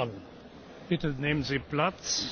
an. bitte nehmen sie platz.